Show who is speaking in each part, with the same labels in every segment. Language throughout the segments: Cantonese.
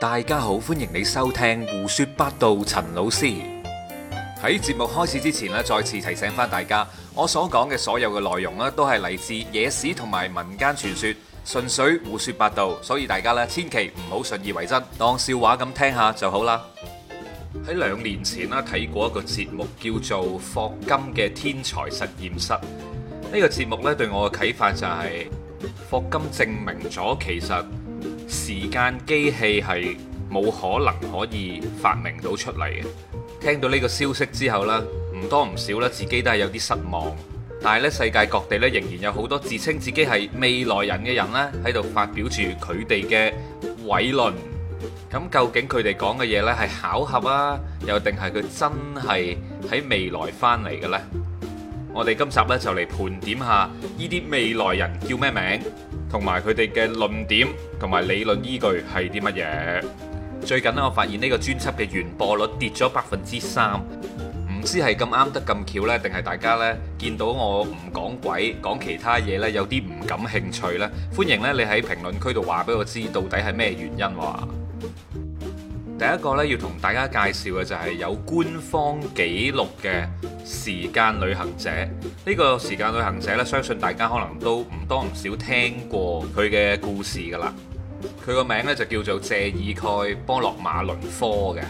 Speaker 1: 大家好，歡迎你收聽胡說八道。陳老師喺節目開始之前咧，再次提醒返大家，我所講嘅所有嘅內容咧，都係嚟自野史同埋民間傳說，純粹胡說八道，所以大家咧千祈唔好信以為真，當笑話咁聽下就好啦。喺兩年前啦，睇過一個節目叫做霍金嘅天才實驗室，呢、這個節目咧對我嘅啟發就係、是、霍金證明咗其實。時間機器係冇可能可以發明到出嚟嘅。聽到呢個消息之後，呢唔多唔少呢自己都係有啲失望。但係呢，世界各地呢仍然有好多自稱自己係未來人嘅人呢喺度發表住佢哋嘅偉論。咁究竟佢哋講嘅嘢呢係巧合啊，又定係佢真係喺未來翻嚟嘅呢？我哋今集呢就嚟盤點下呢啲未來人叫咩名？同埋佢哋嘅論點同埋理論依據係啲乜嘢？最近呢，我發現呢個專輯嘅完播率跌咗百分之三，唔知係咁啱得咁巧呢？定係大家呢，見到我唔講鬼講其他嘢呢，有啲唔感興趣呢？歡迎呢，你喺評論區度話俾我知，到底係咩原因喎？第一個咧要同大家介紹嘅就係有官方記錄嘅時間旅行者。呢個時間旅行者咧，相信大家可能都唔多唔少聽過佢嘅故事㗎啦。佢個名呢就叫做謝爾蓋·波洛馬倫科嘅。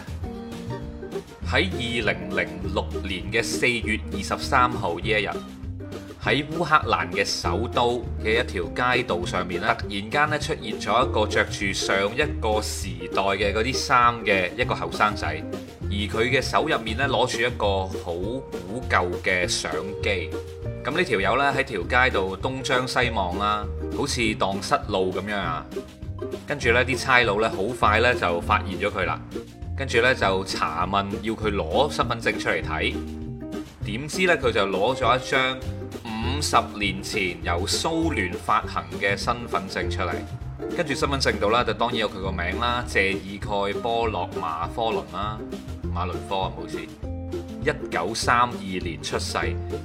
Speaker 1: 喺二零零六年嘅四月二十三號呢一日。喺烏克蘭嘅首都嘅一條街道上面咧，突然間咧出現咗一個着住上一個時代嘅嗰啲衫嘅一個後生仔，而佢嘅手入面咧攞住一個好古舊嘅相機。咁呢條友咧喺條街度東張西望啦，好似蕩失路咁樣啊。跟住呢啲差佬咧好快咧就發現咗佢啦，跟住咧就查問要佢攞身份證出嚟睇，點知咧佢就攞咗一張五十年前由蘇聯發行嘅身份證出嚟，跟住身份證度咧就當然有佢個名啦，謝爾蓋·波洛馬科倫啦，馬倫科啊，冇事。一九三二年出世，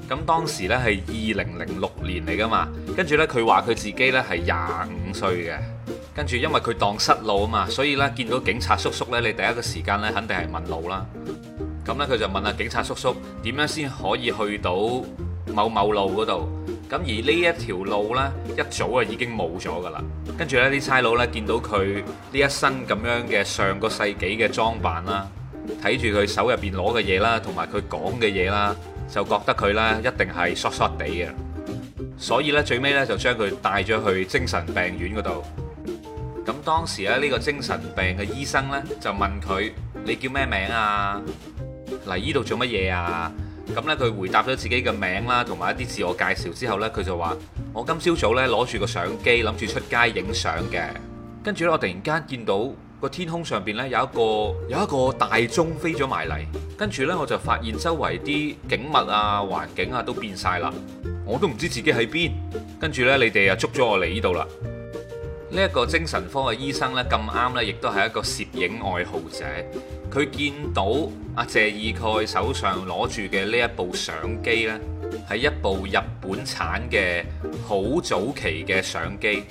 Speaker 1: 咁當時呢係二零零六年嚟㗎嘛，跟住呢，佢話佢自己呢係廿五歲嘅，跟住因為佢蕩失路啊嘛，所以呢見到警察叔叔呢，你第一個時間呢肯定係問路啦。咁呢，佢就問下警察叔叔點樣先可以去到？某某路嗰度，咁而呢一條路呢一早啊已經冇咗噶啦。跟住呢啲差佬呢見到佢呢一身咁樣嘅上個世紀嘅裝扮啦，睇住佢手入邊攞嘅嘢啦，同埋佢講嘅嘢啦，就覺得佢咧一定係 short short 地嘅，所以呢最尾呢就將佢帶咗去精神病院嗰度。咁當時咧呢個精神病嘅醫生呢就問佢：你叫咩名啊？嚟呢度做乜嘢啊？咁呢，佢回答咗自己嘅名啦，同埋一啲自我介紹之後呢，佢就話：我今朝早呢，攞住個相機，諗住出街影相嘅。跟住呢，我突然間見到個天空上邊呢，有一個有一個大鐘飛咗埋嚟。跟住呢，我就發現周圍啲景物啊、環境啊都變晒啦。我都唔知自己喺邊。跟住呢，你哋啊捉咗我嚟呢度啦。呢一個精神科嘅醫生呢，咁啱呢亦都係一個攝影愛好者。佢見到阿、啊、謝爾蓋手上攞住嘅呢一部相機呢，係一部日本產嘅好早期嘅相機。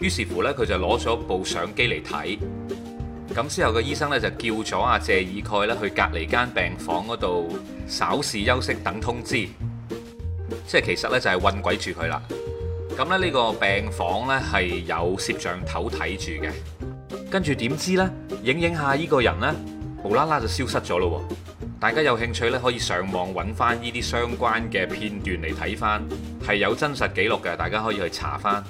Speaker 1: 於是乎呢，佢就攞咗部相機嚟睇。咁之後嘅醫生呢，就叫咗阿、啊、謝爾蓋呢去隔離間病房嗰度稍事休息，等通知。即係其實呢，就係困鬼住佢啦。咁呢個病房咧係有攝像頭睇住嘅，跟住點知呢？影影下呢個人呢無啦啦就消失咗咯。大家有興趣呢，可以上網揾翻呢啲相關嘅片段嚟睇翻，係有真實記錄嘅，大家可以去查翻。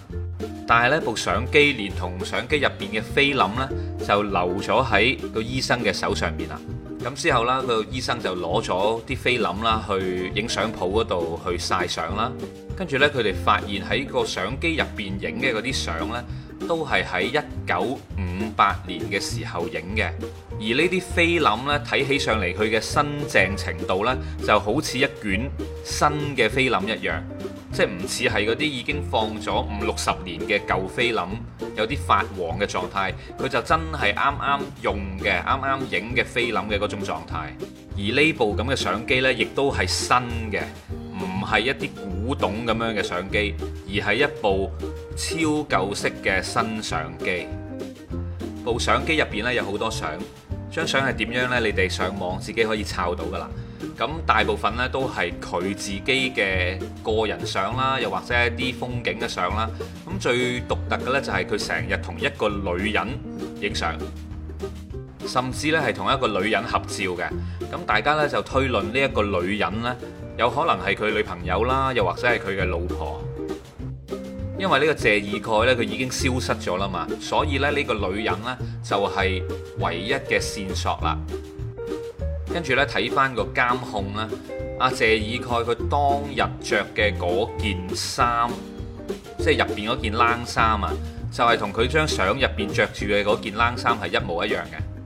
Speaker 1: 但係呢部相機連同相機入邊嘅菲林呢，就留咗喺個醫生嘅手上面啦。咁之後啦，個醫生就攞咗啲菲林啦去影相鋪嗰度去晒相啦。跟住呢，佢哋發現喺個相機入邊影嘅嗰啲相呢，都係喺一九五八年嘅時候影嘅。而呢啲菲林呢，睇起上嚟佢嘅新淨程度呢，就好似一卷新嘅菲林一樣，即係唔似係嗰啲已經放咗五六十年嘅舊菲林，有啲發黃嘅狀態。佢就真係啱啱用嘅，啱啱影嘅菲林嘅嗰種狀態。而呢部咁嘅相機呢，亦都係新嘅。唔係一啲古董咁樣嘅相機，而係一部超舊式嘅新相機。部相機入邊呢，有好多相，張相係點樣呢？你哋上網自己可以抄到㗎喇。咁大部分呢，都係佢自己嘅個人相啦，又或者一啲風景嘅相啦。咁最獨特嘅呢，就係佢成日同一個女人影相，甚至呢，係同一個女人合照嘅。咁大家呢，就推論呢一個女人呢。有可能係佢女朋友啦，又或者係佢嘅老婆，因為呢個謝爾蓋呢，佢已經消失咗啦嘛，所以呢，呢個女人呢，就係唯一嘅線索啦。跟住呢，睇翻個監控啦。阿謝爾蓋佢當日着嘅嗰件衫，即係入邊嗰件冷衫啊，就係同佢張相入邊着住嘅嗰件冷衫係一模一樣嘅。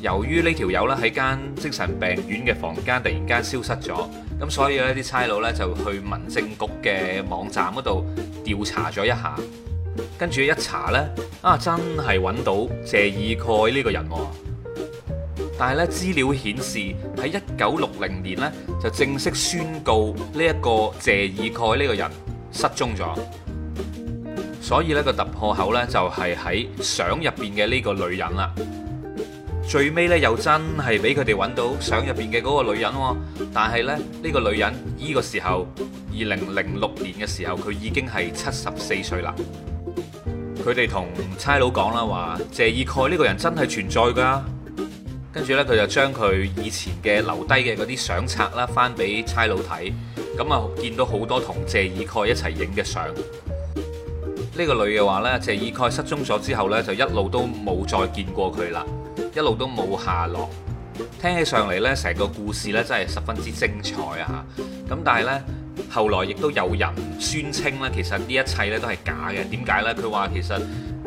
Speaker 1: 由於呢條友咧喺間精神病院嘅房間突然間消失咗，咁所以呢啲差佬呢就去民政局嘅網站嗰度調查咗一下，跟住一查呢，啊，真係揾到謝爾蓋呢個人喎，但係呢，資料顯示喺一九六零年呢就正式宣告呢一個謝爾蓋呢個人失蹤咗，所以呢個突破口呢，就係喺相入邊嘅呢個女人啦。最尾咧，又真係俾佢哋揾到相入邊嘅嗰個女人喎、哦。但係咧，呢個女人依個時候，二零零六年嘅時候，佢已經係七十四歲啦。佢哋同差佬講啦，話謝爾蓋呢個人真係存在㗎。跟住呢，佢就將佢以前嘅留低嘅嗰啲相冊啦，翻俾差佬睇。咁啊，見到好多同謝爾蓋一齊影嘅相。呢個女嘅話呢，謝爾蓋失蹤咗之後呢，就一路都冇再見過佢啦。一路都冇下落，聽起上嚟呢，成個故事呢真係十分之精彩啊！咁但係呢，後來亦都有人宣稱呢，其實呢一切呢都係假嘅。點解呢？佢話其實呢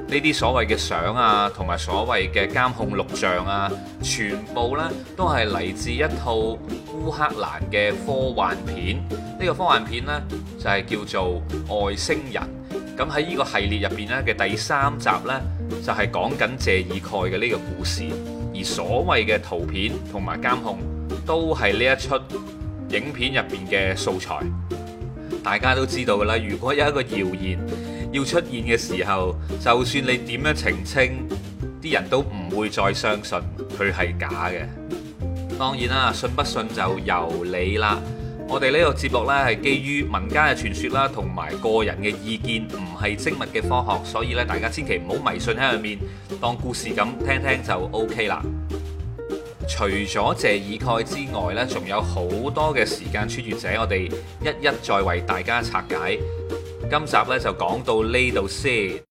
Speaker 1: 啲所謂嘅相啊，同埋所謂嘅監控錄像啊，全部呢都係嚟自一套烏克蘭嘅科幻片。呢、這個科幻片呢，就係、是、叫做外星人。咁喺呢個系列入邊呢嘅第三集呢，就係講緊謝爾蓋嘅呢個故事。而所謂嘅圖片同埋監控，都係呢一出影片入邊嘅素材。大家都知道㗎喇，如果有一個謠言要出現嘅時候，就算你點樣澄清，啲人都唔會再相信佢係假嘅。當然啦，信不信就由你啦。我哋呢個節目呢係基於民間嘅傳說啦，同埋個人嘅意見，唔係精密嘅科學，所以呢大家千祈唔好迷信喺入面，當故事咁聽聽就 OK 啦。除咗謝爾蓋之外呢，仲有好多嘅時間穿越者，我哋一一再為大家拆解。今集呢就講到呢度先。